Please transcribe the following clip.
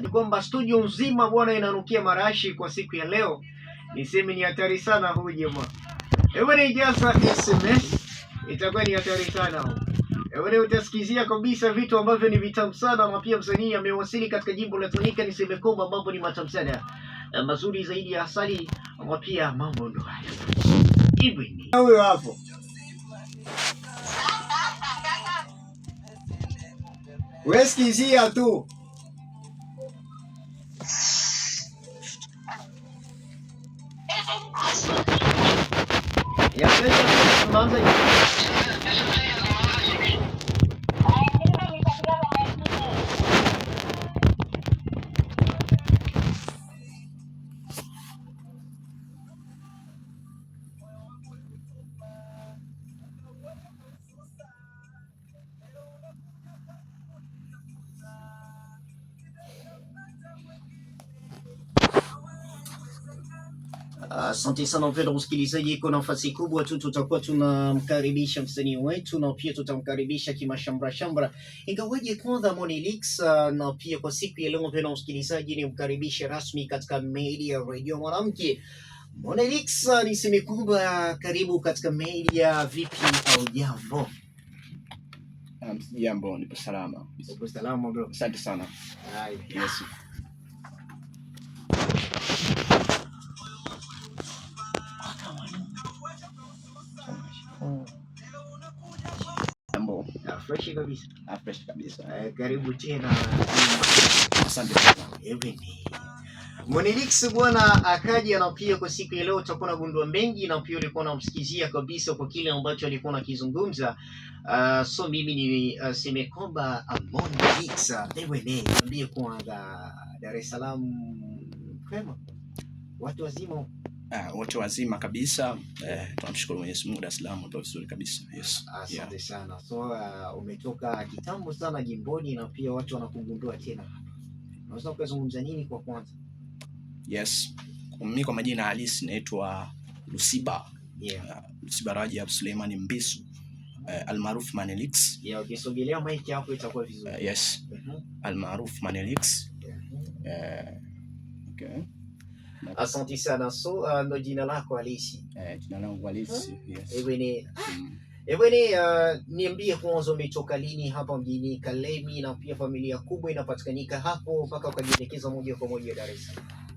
ni kwamba studio nzima bwana inanukia marashi kwa siku ya leo. Niseme ni hatari sana huyu jamaa. Hebu ni jaza SMS itakuwa ni hatari sana huyu. Hebu ni utasikizia kabisa vitu ambavyo ni vitamu sana na pia msanii amewasili katika jimbo la Tanganyika ni Semekomba ambapo ni matamu sana. Mazuri zaidi ya asali na pia mambo ndo haya. ni. Huyo hapo. Wesikizia tu. E a Yapıyorsan kullanmayın. Asante uh, sana mpendwa msikilizaji, kwa nafasi kubwa tu tutakuwa tunamkaribisha msanii wetu na pia tutamkaribisha kimashamra shambra, ingawaje kwanza Monilix uh, na pia kwa siku ya leo mpendwa msikilizaji, ni mkaribishe rasmi katika media radio mwanamke Monilix. Uh, ni semi karibu katika media. Vipi au jambo? Jambo, nipo salama. Nipo salama bro, asante sana. Yes. Mambo ah, fresh kabisa, ah, fresh kabisa. Eh, karibu tena, asante sana. Monilix bwana akaja na pia kwa siku ya leo tutakuwa na gundua mengi na pia ulikuwa unamsikizia kabisa kwa kile ambacho alikuwa anakizungumza. Uh, so mimi ni uh, sema kwamba Monilix ewe ni niambie kwa Dar es Salaam kwema watu wazima Ah, wote Uh, wazima kabisa uh, tunamshukuru Mwenyezi Mungu, Dar es Salaam ndio vizuri kabisa. Yes. Asante yeah, sana. So uh, umetoka kitambo sana jimboni na pia watu wanakugundua tena. Unaweza kuzungumza nini kwa kwanza? Yes. Mimi kwa majina halisi naitwa Lusiba. Yeah. Uh, Lusiba Rajab Suleiman Mbisu uh, almaarufu Manelix. Yeah, ukisogelea okay, mic yako itakuwa vizuri. Uh, yes. Uh mm-hmm. -huh. Almaarufu Manelix. Yeah. Uh, okay. Asante sana. So uh, ah, ndo jina lako halisi? Eh, jina langu halisi. Yes. Ebweni, uh, hmm. ah, niambie kwanza umetoka lini hapa mjini Kalemi na pia familia kubwa inapatikanika hapo mpaka ukajielekeza moja kwa moja Dar es Salaam?